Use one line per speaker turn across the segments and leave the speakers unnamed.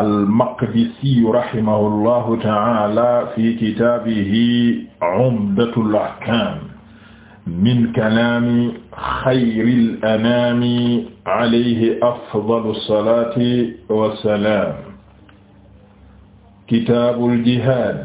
al-Maqdissî rahimahullahu ta'ala fi kitaabihi Umdatul Ahkaam min kalaami xayril anaami alayhi afdalu salaati wa salaam kitaabul jihaad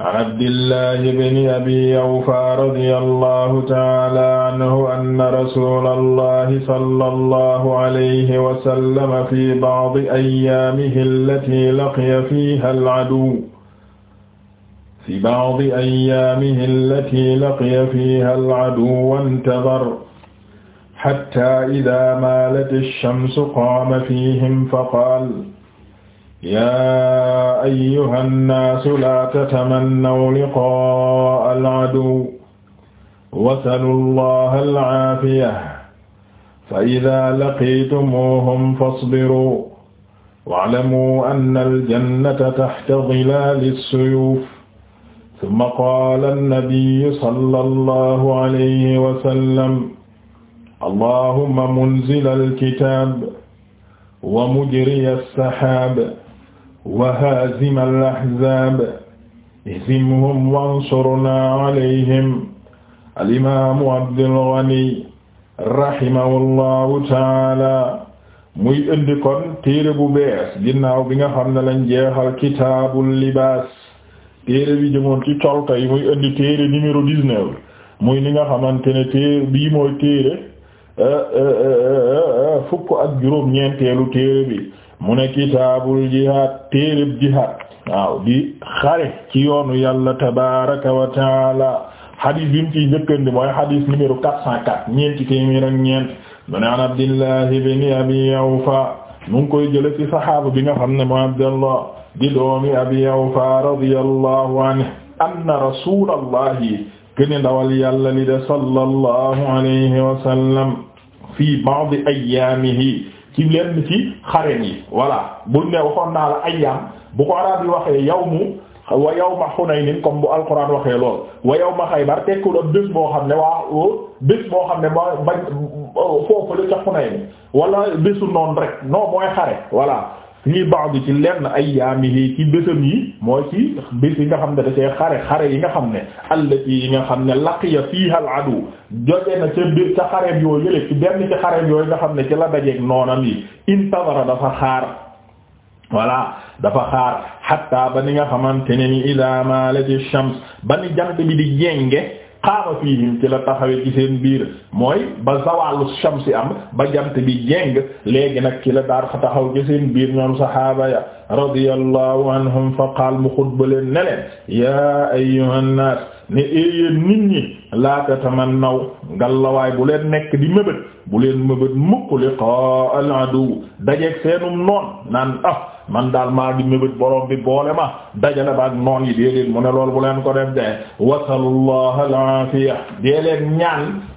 an abdillahi bni abi awfa radi allahu taala anhu anna rasula allahi sala allahu alayhi wasallama fi ba'di ayyaamihi allati laqiya fiha al-aduw fi ba'di ayyaamihi allati laqiya fiha al-aduwwa intadhara hatta idha maalat ash-shamsu qaama fihim faqaala yaa ayyuha nnaasu laa tatamannaw liqaa al-aduw wasalu llaha al-caafiya fa idaa laqiitumuuhum fasbiruu wa'lamuu anna al-jannata taxta dilaali s-suyuuf summa qaala nnabiyyu sallallahu alayhi wa sallam allahumma munzila al-kitaab wa mujriya s-saxaab wa haazima al-ahzaab ihzimhum wansurnaa alayhim al-imaamu Abdul Ghani rahimahullahu taala muy indi kon téere bu bees ginnaaw bi nga xam ne lañ jeexal kitaabul libaas téere bi jëmoon ci colka yi muy indi téere numéro 19 muy li nga xamante ne téere bii mooy téere eh, eh, eh, fukk ak juróom ñeenteelu téere bi mu ne kitaabul jihaad téereb jihaad waaw di xare ci yoonu yàlla tabaaraka wa taala xadis bi mu ciy njëkkandi mooy xadis numéro 404 ñeenti téeméer ak ñeent mu ne an Abdillah ibn Abi Awfa mu ngi koy jële ci saxaaba bi nga xam ne mooy Abdallah di doomi Abi Awfa radiyallahu anhu anna rasulallahi gëne ndawal yàlla li de sallallahu alayhi wa sallam fi ba'di ayyaamihi ci lenn ci xaren yi voilà buñ new waxoon naa la ayyaam bu ko araab yi waxee yawmu wa yawma Hunayn comme bu alquran waxee lool wa yawma Xaybar tekkul ab bés boo xam ne waa bés boo xam ne ba bañ foofu la ca Hunayn wala bésu noonu rek non mooy xare voilà fii ba'd ci lenn ayyaamihi ci bésam yi mooy ci bés yi nga xam ne da cee xare xare yi nga xam ne allati yi nga xam ne laqiya fiha al-adu joge na ca biir ca xareem yoo yële ci benn ci xareem yooyu nga xam ne ci la dajeeg noonam yi intadara dafa xaar voilà dafa xaar hatta ba ni nga xamante ne ni ila malati shams ba ni jant bi di jénge xaama fii ci la taxawee ci seen biir mooy ba zawaalu shamsi am ba jant bi jeng léegi nag ci la daar fa taxaw ci seen biir ñoom saxaaba ya radiyallahu anhum fa qaal mu xutba leen ne leen yaa ayyuhan naas ne éeyéen eh nit ñi la tatamannaw ngallawaay bu leen nekk di mëbët bu leen mëbët mukk liqaa al adu dajeeg seenum noon naan ah man daal maa ngi mëbët borom bi boole ma dajale baak noon yi déedéet mu ne lool bu leen ko def de wasalullaha al aafiya dee leen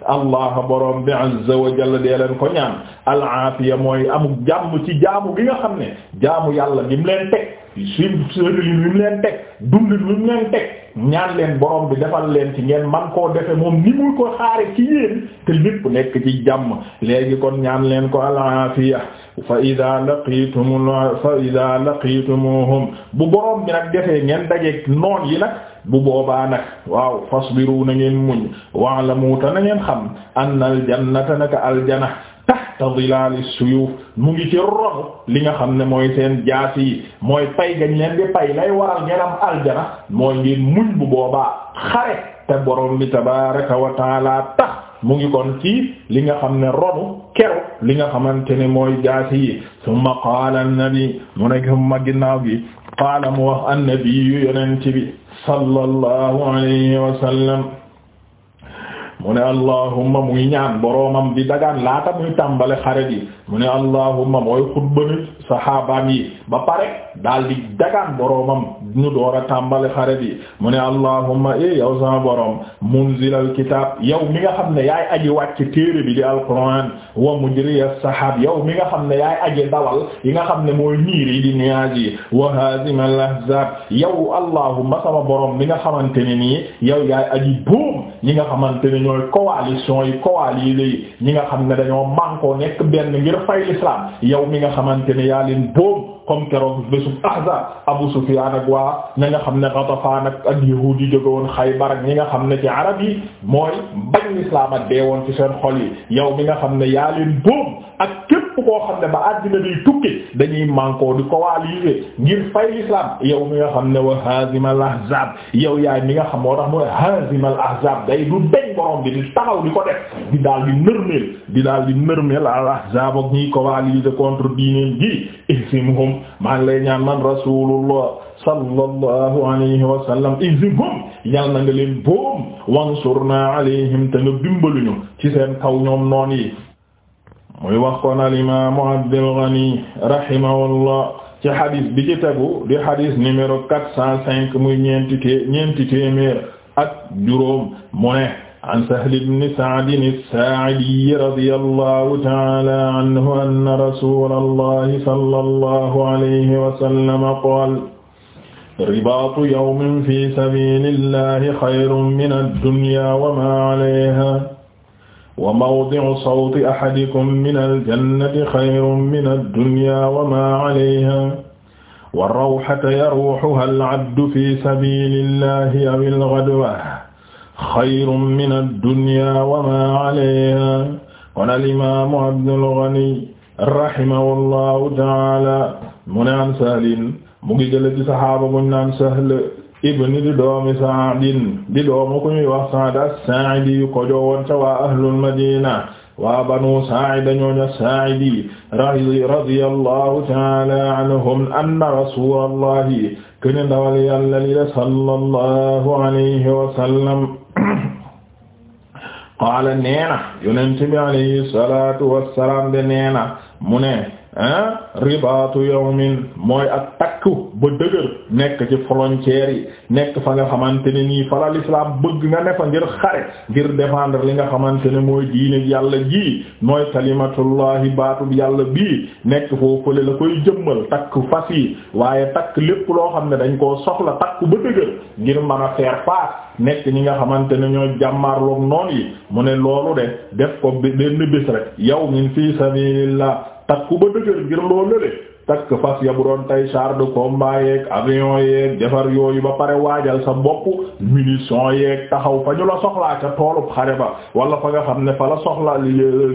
allah borom bi azza wa jalla ko ñaan al aafiya mooy amuk jàmm ci jaamu gi nga xam ne jaamu yàlla gi mu leen suñ sërëlin lu mu leen teg dundin lu mu leen teg ñaan leen borom bi defal leen ci ngeen man koo defe moom ni muy ko xaare ci yéen te lépp nekk ci jàmm léegi kon ñaan leen ko alaafiya fa ida laqiitum fa ida laqitumuhum bu borom bi nag defee ngeen dajeek noon yi nag bu boobaa nag waaw fasbiru na ngeen muñ wa'lamu ta na ngeen xam anna na naka aljana tahta zilaali suyuf mu ngi ci ronu li nga xam ne mooy seen jaas yi mooy pay gañ leen di pay lay waral ngeen am aljana mooy ngeen muñ bu boobaa xare te borom bi tabaraka wa taala tax mu ngi kon ci li nga xam ne ronu keru li nga xamante ne mooy jaasi yi summa qaala annabi mu nekk ma ginnaaw gi qaala mu wax annabi yu yonent bi sallallahu alayhi wa sallam mu ne allahumma muy ñaan boroomam di dagaan laata muy tàmbale xare yi mu ne allahumma mooy xutba nit saxaabaam yi ba pare daal di dagaan boroomam ñu door a tàmbale xare yi mu ne allahumma e yow sama boroom munzilal kitaab yow mi nga xam ne yaay aji wàcc téere bi di alquran wa mujriya saxaab yow mi nga xam ne yaay aji dawal yi nga xam ne mooy niir yi di nuages yi wa hazimal ahzab yow allahumma sama boroom mi nga xamante ne nii yow yaay aji buum ñi nga xamante ne ñooy coalition yi coalisés yi ñi nga xam ne dañoo mànkoo nekk benn ngir fay l'islam yow mi nga xamante ne yaa leen boobu comme keroog bésub ahzab Abu Sufyan ak waa ña nga xam ne Ghatafan ak ak yahuud yi jóge woon Xaybar ak ñi nga xam ne ci arab yi mooy bañ l'islam ak dee woon ci seen xol yi yow mi xam ne yaa leen képp koo xam ne ba àddina bi tukki dañuy mànkoo di coaliser ngir fay l'islam yow mi nga xam ne wa hazimal ahzab yow yaay mi nga xam moo tax mooy hazimal ahzab day du deñ borom bi di taxaw di ko def di daal di nërmeel di daal di nërmeel al ahzab ak ñiy coaliser contre diineen gi maa ngi lay ñaan man rasulullah sallallahu alayhi wa sallam isimhum yal na nga leen boom wansurna alayhim te nga dimbaluñu ci seen kaw ñoom noon yi muy wax kon al imaamu Abdul Ghani rahimahullah ci xadis bi ci tegu di xadis numéro quatre cent cinq muy ñeenti té ñeenti téeméer ak juróom mu ne an Sahl ibn Sa'd as-Saa'idi radiyallahu ta'ala anhu anna rasulallahi sallallahu alayhi wa sallam qaala ribaatu yawmin fi sabilillahi xayrun mina ad-dunya wa ma alayha wa mawdi'u sawti ahadikum minal jannati xayrun minad dunya wa maa 'alayhaa wa rawhatu yaruuhuhaa al-'abdu fii sabiilillaahi awil ghadwati xayrun minad dunya wa maa 'alayhaa kon al-imaamu Abdul Ghani rahimahullaahu ta'aalaa mu naan Sahl mu ngi jële ci saxaaba bu ñu naan Sahl ibn di doomi Sa'din di doomu ku ñuy wax Sa'd as-Sa'idi yu ko joowoon ca waa ahlul madina waa banu Sa'id ñooñu Sa'idi radiyallahu ta'ala anhum anna rasulallahi kene ndawal yàlla li la sallallahu alayhi wa sallam qaala neena yonent bi alayhi salatu wassalam de neena mu ne ah ribaatu yawmin mooy ak takku ba dëgër nekk ci frontières yi nekk fa nga xamante ne nii fa la bëgg nga ne fa ngir xare ngir défendre li nga xamante ne mooy diine yàlla ji mooy kalimatullahi baatu yàlla bii nekk foofu fële la koy jëmmal takk fas yi waaye takk lépp loo xam ne dañ koo soxla takk ba dëgër ngir mën a faire face nekk ñi nga xamante ne ñooy jàmmaarloog noon yi mu ne loolu de def ko benn bés rek yawmin fi sabilillah takku ba dëgër ngir loo lële takk fas ya bu doon tay char de combat yeeg avion yeeg defar yooyu ba pare waajal sa bopp munition yeeg taxaw fa ñu la soxlaa ca toolub xare ba wala fa nga xam ne fa la soxla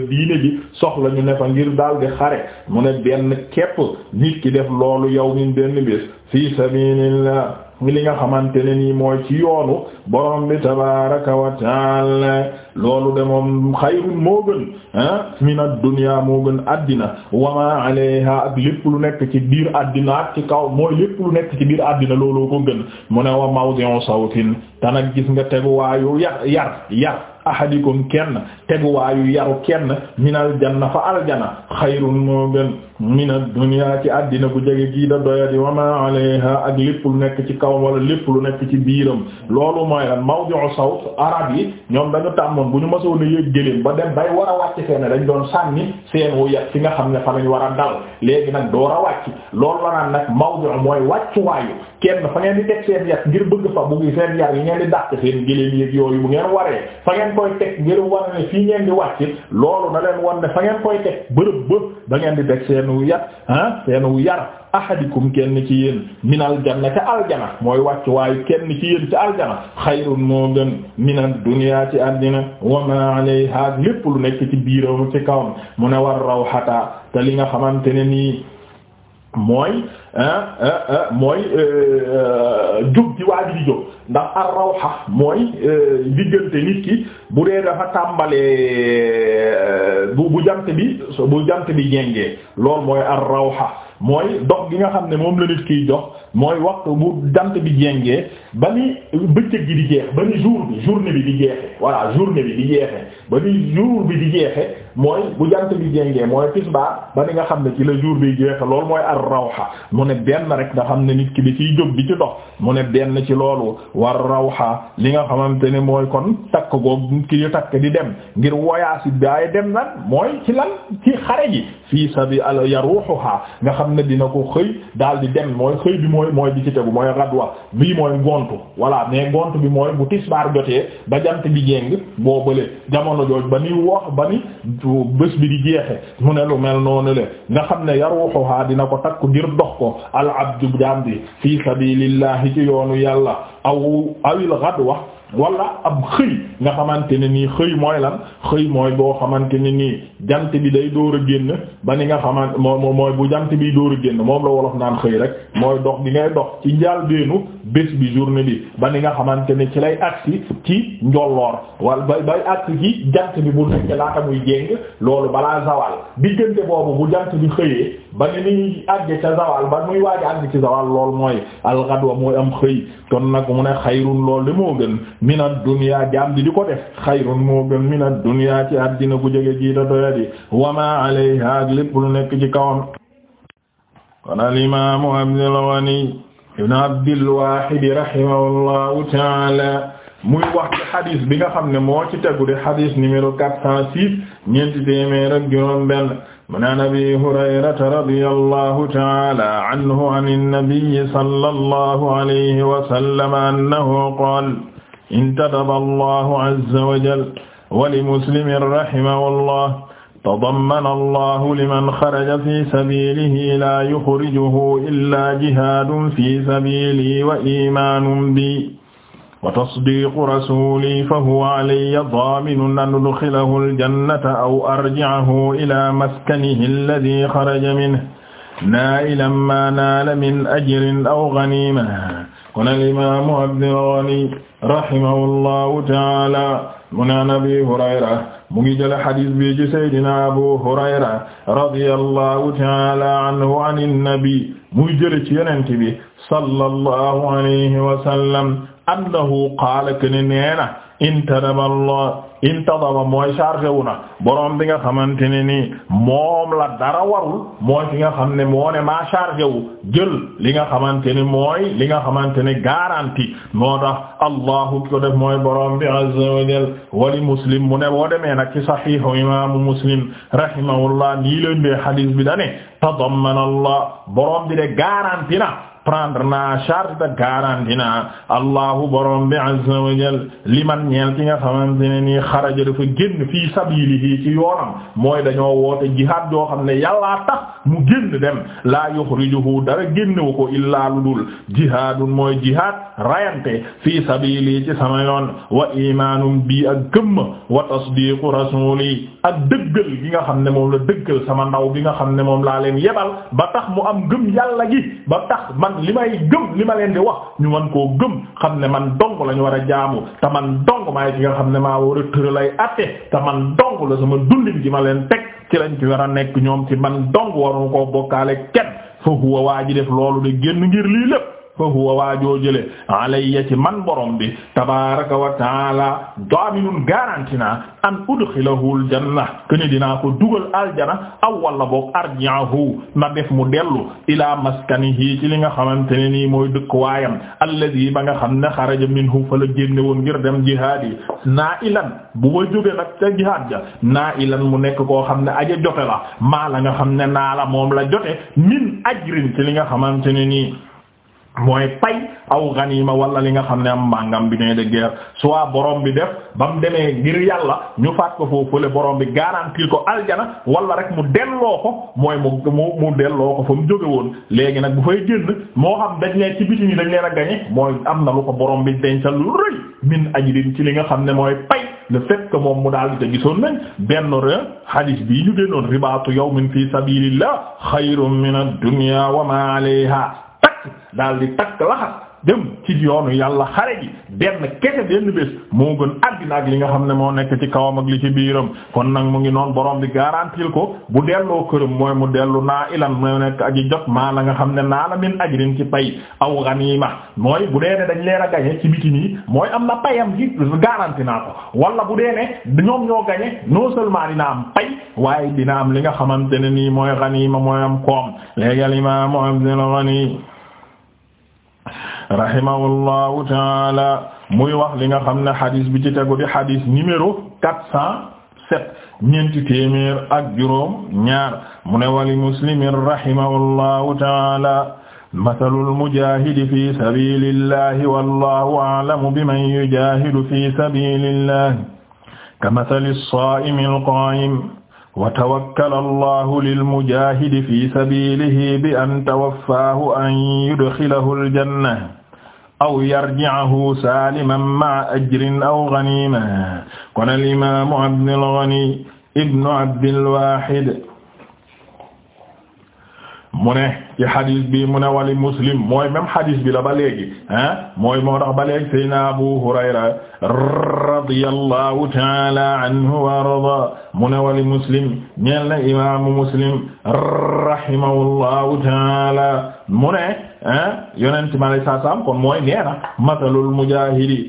diine bi soxla ñu ne fa ngir daal di xare mu ne benn képp nit ki def loolu yow min benn bis fii sabilillah li nga xamante ne nii mooy ci yoonu borom bi tabaraka wa taala loolu de moom xayrun moo gën ah min ad-dunya moo gën addina wa ma alayha ak lu nekk ci biir addina ak ci kaw mooy lépp lu nekk ci biir addina looloo ko gën mu ne wa mawdi'u sawtin tanag gis nga teguwaayu yar yar yar ahadikum kenn teguwaayu yaru kenn minal janna fa aljana xayrun moo gën min ad ci àddina bu jege gii da doyadi wa ma alayha ak lépp lu nekk ci kaw wala lépp lu nekk ci biiram loolu mooy lan mawdi'u sawt arab yi ñoom dañu tàmmoon bu ñu mësoon a yëg gëléem ba dem bay war a wàcc fenn dañ doon sànni seen wu yat fi nga xam ne fa lañ war a dal léegi nag door a wàcc loolu la naan nag mawdu' mooy wàccuwaayu kenn fa ngeen di teg seen yat ngir bëgg fa bu ngi seen yar yi ngeen di dàq seen gëléem yéeg yooyu bu ngeen waree fa ngeen koy teg ngir war ne fii ngeen di wàcc loolu da leen wan ne fa ngeen koy teg bërëb ba ngeen di teg seen wu yat ah seen wu yar ahadikum kenn ci yéen min aljanna ca aljana mooy wàcc waayu kenn ci yéen ca aljana xayrun moo gën min ad-dunya ci àddina wa lu nekk ci biiram ci kawam mu ne war rawxataa te li nga xamante ne nii mooy ah, ah, ah, mooy euh, euh, jóg ci waa ji di jóg ndax ar mooy euh, diggante nit bu dee dafa tàmbalee bu bu bi bu jant lool mooy ar mooy dox gi nga xam ne moom la nit kiy jox mooy waxtu bu jant bi jengee ba ni bëccëg gi di jeex ba ni jour bi journée bi di jeexe bi di jeexe ba ni jour bi di jeexe mooy bu jant bi jengee mooy tisbaar ba ni nga xam ne ci la jour bi jeexe loolu mooy ar rawxa mu ne benn rek nga xam ne nit ki di ciy jóg bi ci dox mu ne benn ci loolu war rawxa li nga xamante ne mooy kon takk ko nit ki di takk di dem ngir voyage yi daaye dem nag mooy ci lan ci xare ji fii sabi al yaruuxuha nga xam ne dina ko xëy daal di dem mooy xëy bi mooy mooy bi ci tegu mooy radwa bii mooy ngontu voilà mais ngont bi mooy bu tisbaar jotee ba jant bi jéng boo bële jamono jooj ba ni wax ba ni bés bi di jeexe mu ne lu mel noonu le nga xam ne yaruuxuha dina ko takk ngir dox ko al abdu jaam bi fii sabilillahi ci yoonu yàlla aw awil radwa wala ab xëy nga xamante ne nii xëy mooy lan xëy mooy boo xamante ne nii jant bi day dóor a génn ba ni nga xamante mooy mooy bu jant bi dóor a génn moom la wolof naan xëy rek mooy dox gi ngay dox ci njaal beenu bés bi journée bi ba ni nga xamante ne ci lay agsi ci njolloor wala ba bay agsi ci jant bi bu nekk laata muy jéng loolu balaa zawal diggante boobu bu jant bi xëyee ba ni ni àgg ca zawal ba muy waaj àgg ci zawal lool mooy alxadwa mooy am xëy kon nag mu ne xayrun lool de moo gën min ad-dunya jaam di di ko def xayrun moo gën min ad-dunya ci àddina ku jege jiita a di wa ma alayha ak lépp lu nekk ci kawam kon al imaamu Abdul Ghani ibn Abdil Wahid rahimahullahu taala muy wax ci xadis bi nga xam ne moo ci tegu de xadis numéro quatre cent six ñeenti téeméer ak juróom benn mu naan Abi Hurayrata radiyallahu taala anhu an an-nabiy sallallahu alayhi wa sallam annahu qaala intadaba Allahu azza wa jalla wa li Muslimin rahimahullah tadammana allahu liman xaraja fi sabilihi laa yuxrijuhu illaa jihaadun fi sabilii wa iimaanun bi wa tasdiiqu rasuuli fa huwa alayya daaminun an udxilahu aljannata aw arjicahu ilaa maskanihi alladii xaraja minhu naa'ilan maa naala min ajrin aw ganiimatin kon alimaamu Abdul Ghani rahimahu allahu taala mu naan Abii Hurayra mu ngi jële xadis bi ci saydina abu hurayra radiyallahu taala anhu an innabi muy jële ci yonent bi sallallahu alayhi wa sallam annahu qaala kaana neena intadaba Allah intadaba mooy chargé wu na borom bi nga xamante ne nii moom la dara warul mooy fi nga xam ne moo ne maa chargé wu jël li nga xamante ne mooy li nga xamante ne garantie moo tax allahu ko mooy borom bi azza wa jal wali muslim mu ne boo demee nag ci sahihu imaamu muslim rahimahullah nii leen bee bi dane tadammana Allah borom bi de garantie prendre na charge de garantie na allahu borom bi azza wa jal liman ñeel ki nga xamante ne nii xaraja dafa génn fii sabilihi ci yoonam mooy dañoo woote jihaad yoo xam ne yàllaa tax mu génn dem laa yuxrijuhu dara génnewu ko illaa lu dul jihaadun mooy jihaad rayante fii sabilihi ci sama wa imaanum bi ak gëmma wa tasdiqu rasuli ak dëggal gi nga xam ne moom la dëggal sama ndaw bi nga xam ne moom laa leen yebal ba tax mu am gëm yàlla gi ba tax man li may gëm li ma leen di wax ñu man koo gëm xam ne man dong la ñu war a jaamu te man dong maay gi nga xam ne maa war a tëralay atte te man dong la sama dundin gi ma leen teg ci lañ ci war a nekk ñoom ci man dong waru koo bokkaale kenn fa huwa waa ji def loolu de génn ngir lii lépp fa huwa waajoo jële alayya ci man borom bi tabaraka wa taala daaminun garanti naa an udxilahu aljanna kene dinaa ko dugal aljana aw wala boog arji'ahu na def mu dellu ila maskanihi ci li nga xamante ne nii mooy dëkk waayam alladhi ba nga xam ne xaraja minhu fa la génne woon ngir dem jihaad yi naa bu ba jóge nag ca jihaad ja naa mu nekk koo xam ne aja jote la maa la xam ne naa la moom la jote min ajrin ci li nga xamante ne nii mooy pay aw ganima wala li nga xam ne am mangam bi ne de guerre soit borom bi def ba mu demee ngir yàlla ñu faat ko foofu fële borom bi garantir ko aljana wala rek mu delloo ko mooy mu mu mu delloo ko fa mu jóge woon léegi nag bu fay génn moo xam dañ ne ci biti ni dañ leen a gañe mooy am na lu ko borom bi dencal lu rëy min ajrin ci li nga xam ne mooy pay le fait moom mu daal di te gisoon nañ benn reen hadis bii ñu génnoon ribaatu yawmin fi sabilillah xayrun min ad-dunya wa ma alayha daal di takk laxat dem ci yoonu yàlla xare ji benn kese benn bés moo gën àddina ak li nga xam ne moo nekk ci kawam ak li ci biiram kon nag mu ngi noon borom bi garantil ko bu delloo këram mooy mu dellu naa ilan moo nekk ak i jot maa la nga xam ne naa la min ajrin ci pay aw ganima mooy bu dee ne dañ leen a gañe ci biti nii mooy am na payam gi garanti naa ko wala bu dee ne ñoom ñoo gañe non seulement dina am pay waaye dina am li nga xamante ne nii mooy ganima mooy am koom léegi rahimahullahu taala muy wax li nga xam ne xadis bi ci tegu di xadis numéro quatre cent sept ñeenti téeméer ak juróom ñaar mu ne wali muslimin rahimahullahu taala masalul mujahidi fi sabilillahi wallahu a'lamu biman yujahidu fi sabilillahi kamasali saa'imi alqaa'im wa tawakkala allahu lil mujahidi fi sabilihi bi an tawaffahu an yudxilahu aljanna aw yarji'ahu saliman ma'a ajrin aw ghanima kon al imaamu Abdul Ghani ibnu Abdil Wahid mu ne ci xadis bi mu ne wali muslim mooy même xadis bi la ba léegi ah mooy moo tax ba léegi Seydina Abu Hurayra radiyallahu ta'ala anhu wa arda mu ne wali muslim ñeel na imaamu muslim rahimahullahu ta'ala mu ne yonent mi alayhi salaam kon mooy nee na masalul mujaahidi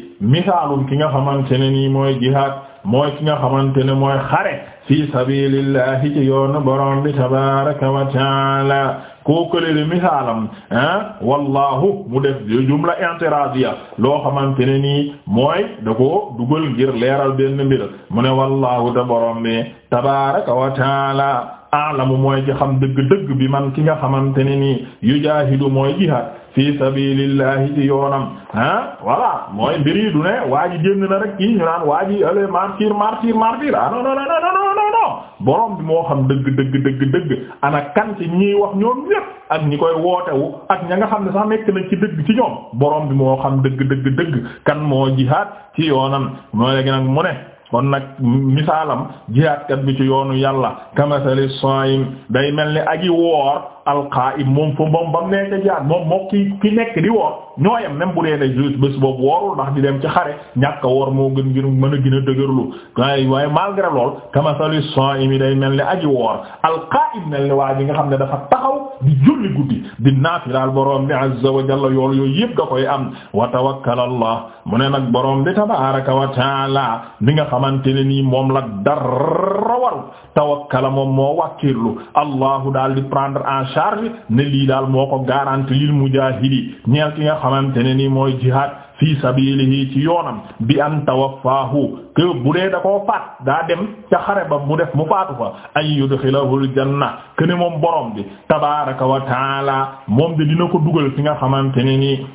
ki nga xamante ne nii mooy jihaad mooy ki nga xamante ne mooy xare fi sabilillahi ci yoonu borom bi tabaaraka wa taala kookale le misaalam ah wallahu mu def jumla i'tiradiya loo xamante ne nii mooy da ko dugal ngir leeral benn mbir mu ne wallahu da borom bi tabaaraka wa taala alamu mooy ci xam dëgg-dëgg bi man ki nga xamante ne nii yujaahidu mooy jihaad fi sabilillahi ci yoonam ah voilà mooy mbiri du ne waa ji génn na rek kii ñu naan waa ji allez martyr martyr martyr ah non non non non bi moo xam dëgg dëgg dëgg dëgg ana kan ci ñiy wax ñoom ñépp ak ñi koy wootewu ak ña nga xam ne sax nekk na ci dëgg ci ñoom borom bi moo xam dëgg dëgg dëgg kan moo jihaad ci yoonam mooy léegi nag mu ne kon nag misaalam jihaadkat bi ci yoonu yàlla kamasali saim day mel ni aji woor alqaa'im moom fa moom ba mu nekk jaar moom moo ki ki nekk di woor ñooyam même bu dee ne juste bés woorul ndax di dem ci xare ñàkk a woor moo gën ngir mën a gën a dëgërlu waaye waaye malgré lool kamasali saa'imi day mel ni aji woor alqaa'im mel ni waa ji nga xam ne dafa taxaw di julli guddi di naafilaal borom bi azza wa yool yooyu yëpp da koy am wa tawakkal allah mu ne nag boroom bi tabaaraka wa taala li nga xamante ne nii moom la dar waru tawakkala moom moo wàkkirlu allahu daal di prendre en charge ne lii daal moo ko garanti lil mujaahidi ñeel ki nga xamante ne nii mooy jihaad fi sabilihi ci yoonam bi an tawaffahu que bu dee da koo faat daa dem ca xare ba mu def mu faatu fa ay yudxilahul janna que ne moom borom bi tabaaraka wa moom de dina ko dugal fi nga xamante ne nii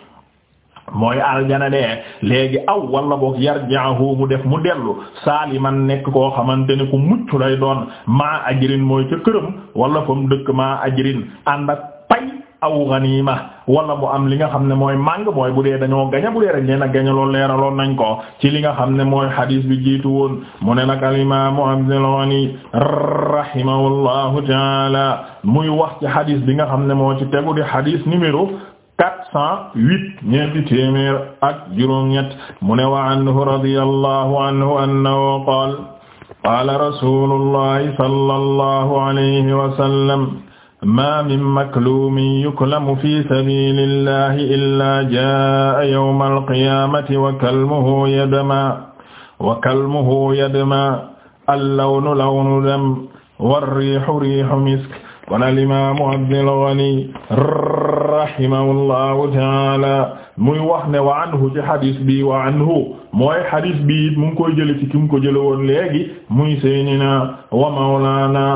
mooy aljana de léegi aw walla boo boog yarjaahu mu def mu dellu saaliman nekk koo xamante ne ku mucc lay doon maa ajrin mooy ca këram wala fa mu dëkk maa ajrin ànd ak pay aw ganima wala mu am li nga xam ne mooy màng mooy bu dee dañoo gaña bu dee dañ leen a gaña leeraloon nañ ko ci li nga xam ne mooy hadis bi jiitu woon mu ne nag al imaamu Abdul Ghani rahimahullahu taala muy wax ci hadis bi nga xam ne moo ci tegu di hadis numéro quatre cent huit ñeenti téeméer ak juróom-ñett mu ne wa anhu radiyallahu anhu annahu qaala qaala rasuulullahi sallallahu alayhi wa sallam ma min makluumin yuklamu fi sabiilillahi illaa jaa'a yawmal qiyaamati wa kalmuhu yadma wa kalmuhu yadma al-lawnu lawnu dam war-riihu riihu misk kon alimamu Abdul Ghani rahimahullahu taala muy wax ne wa anhu ci hadis bi wa anhu mooy hadis bi it mu ngi koy jële ci ki mu ko jële woon léegi muy sayyidina wa mawlana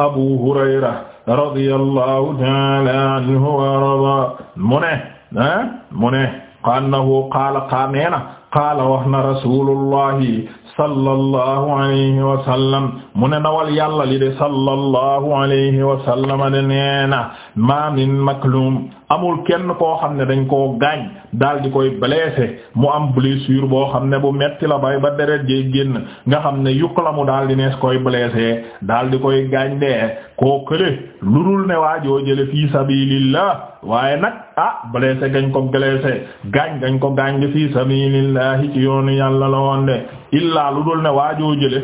Abu Hurayra radiyallahu taala anhu wa arda mu ne ah mu ne xannahu qaala qaamena qaala wax na rasulullahi sallallahu alayhi wa sallam mu ne nawal yàlla li de sallallahu alayhi wa sallam de neena ma min maklum amul kenn koo xam ne dañ koo gaañ daal di koy blessé mu am blessure boo xam ne bu metti la bay ba deret jee génn nga xam ne yukk la mu daal di nees koy blessé daal di koy gaañ dee koo kële lu dul ne waajoo jële fii sabilillah waaye nag a ah blessé gañ ko blessé gaañ gañ ko gaañ fii sabilillah ci yoonu yàlla la woon de illaa lu dul ne waajoo jële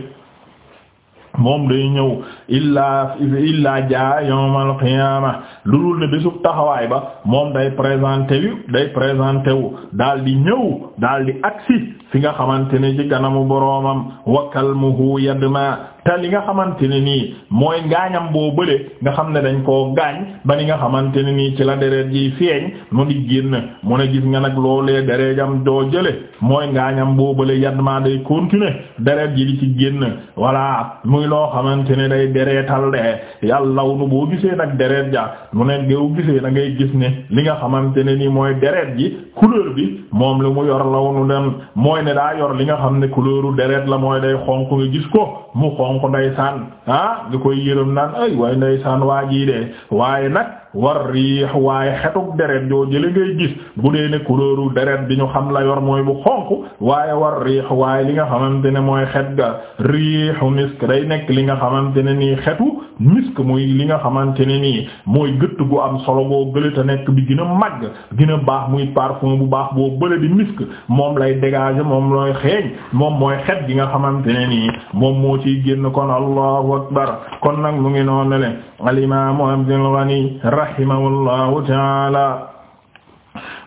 moom day ñëw illaa illaa jaa yawmal qiyaama lu dul ne bésub taxawaay ba moom day présenté day présenté wu daal di ñëw daal di agsi fi nga xamante ne ci kanamu boroomam wa kalmuhu yadma te li nga xamante ne nii mooy ngaañam boo bële nga xam ne dañ koo gaañ ba li nga xamante ne nii ci la deret ji feeñ mu génn mu ne gis nga nag loolee dereejam doo jële mooy ngaañam boo bële yadma day continuer deret ji di ci génn voilà muy loo xamante ne day dereetal de yàllaw nu boo gisee nag deret ja mu ne géew gisee na ngay gis ne li nga xamante ne nii mooy deret ji couleur bi moom lu mu yor law nu dem mooy mooy ne daa yor li nga xam ne couleuru deret la mooy day xonq nga gis ko mu xonq ndeysaan ah nga koy yërëm naan ay waaye ndeysaan waa jii de waaye nag war riix waaye xetuk deret joo jële ngay gis bu dee ne couleuru deret bi ñu xam la yor mooy bu xonq waaye war riix waaye li nga xamante ne mooy xet ga riixu misk day nekk li nga xamante ne nii xetu misk muy li nga xamante ne nii mooy gëtt gu am solo boo gële a nekk bi gën a màgg gën baax muy parfum bu baax boo bële di misk moom lay dégager moom looy xeeñ moom mooy xet gi nga xamante ne nii moom moo ciy génn kon allahu akbar kon nag mu ngi noonu le al imaamu Abdul Ghani rahimahullahu taala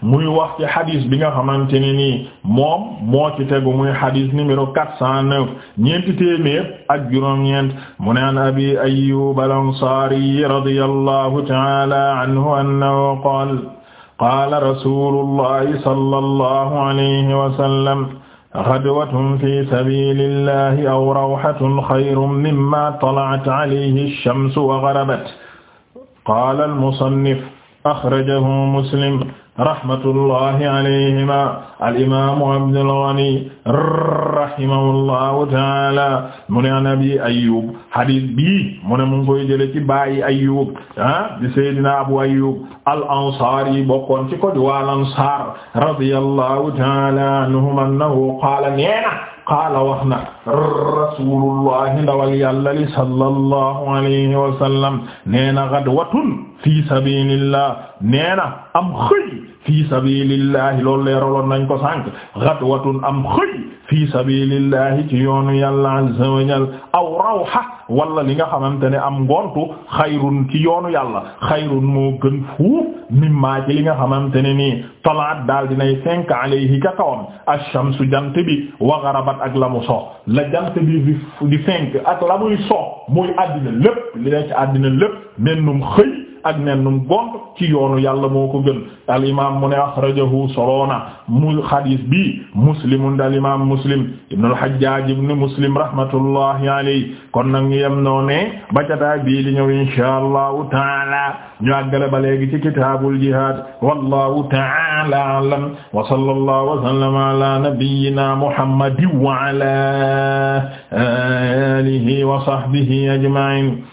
muy wax ci xadis bi nga xamante ne nii moom moo ci tegu muy xadis numéro quatre cent neuf ñeenti téeméer ak juróom-ñeent mu ne an abi ayyub al-ansari radiyallahu ta'ala anhu annahu qaala qaala rasulullahi sallallahu alayhi wa sallam ghadwatun fi sabilillahi aw rawhatun khayrun mimma tala'at alayhi ash-shamsu wa gharabat qaala al-musannif akhrajahu muslim rahmatullahi alayhima alimamu Abdul Ghani rahimahullahu taala mu ne an abi Ayyub hadis bii mu ne mu ngi koy jële ci bàyyi Ayyub ah di Seydina Abu Ayyub al-Ansari bokkoon ci ko di wal Ansar radiyallahu taala anhum annahu qaala neena qaala wax na rasulullahi ndawal yàlla li sallallahu alayhi wa sallam nee na gadwatun fi sabilillah nee na am xëy fi sabilillahi loolu leeraloon nañ ko sànq gadwatun am xëy fi sabilillahi ci yoonu yàlla azza wa jal aw rawha wala li nga xamante ne am ngontu xayrun ci yoonu yàlla xayrun moo gën fuuf mimma ci li nga xamante ne nii talaat daal dinay fenk alayhi ka kawam ash-shamsu jant bi wa gharabat ak la mu so la jant bi di di fenk ak la muy so muy àddina lépp li ne ci àddina lépp mennum xëy ak nennum gont ci yoonu yàlla moo ko gën al imam mu a akhrajahu soloona mu xadis bi muslimun dal imam muslim ibn al hajjaj ibn muslim rahmatullahi alayhi kon nag ñu yem noo ne bacataay bii li ñëw insha allahu taala ñu àggale ba léegi ci kitaabul jihad wallahu taala alam wa sallallahu wa sallama ala nabiyyina muhammadin wa ala alihi wa sahbihi ajma'in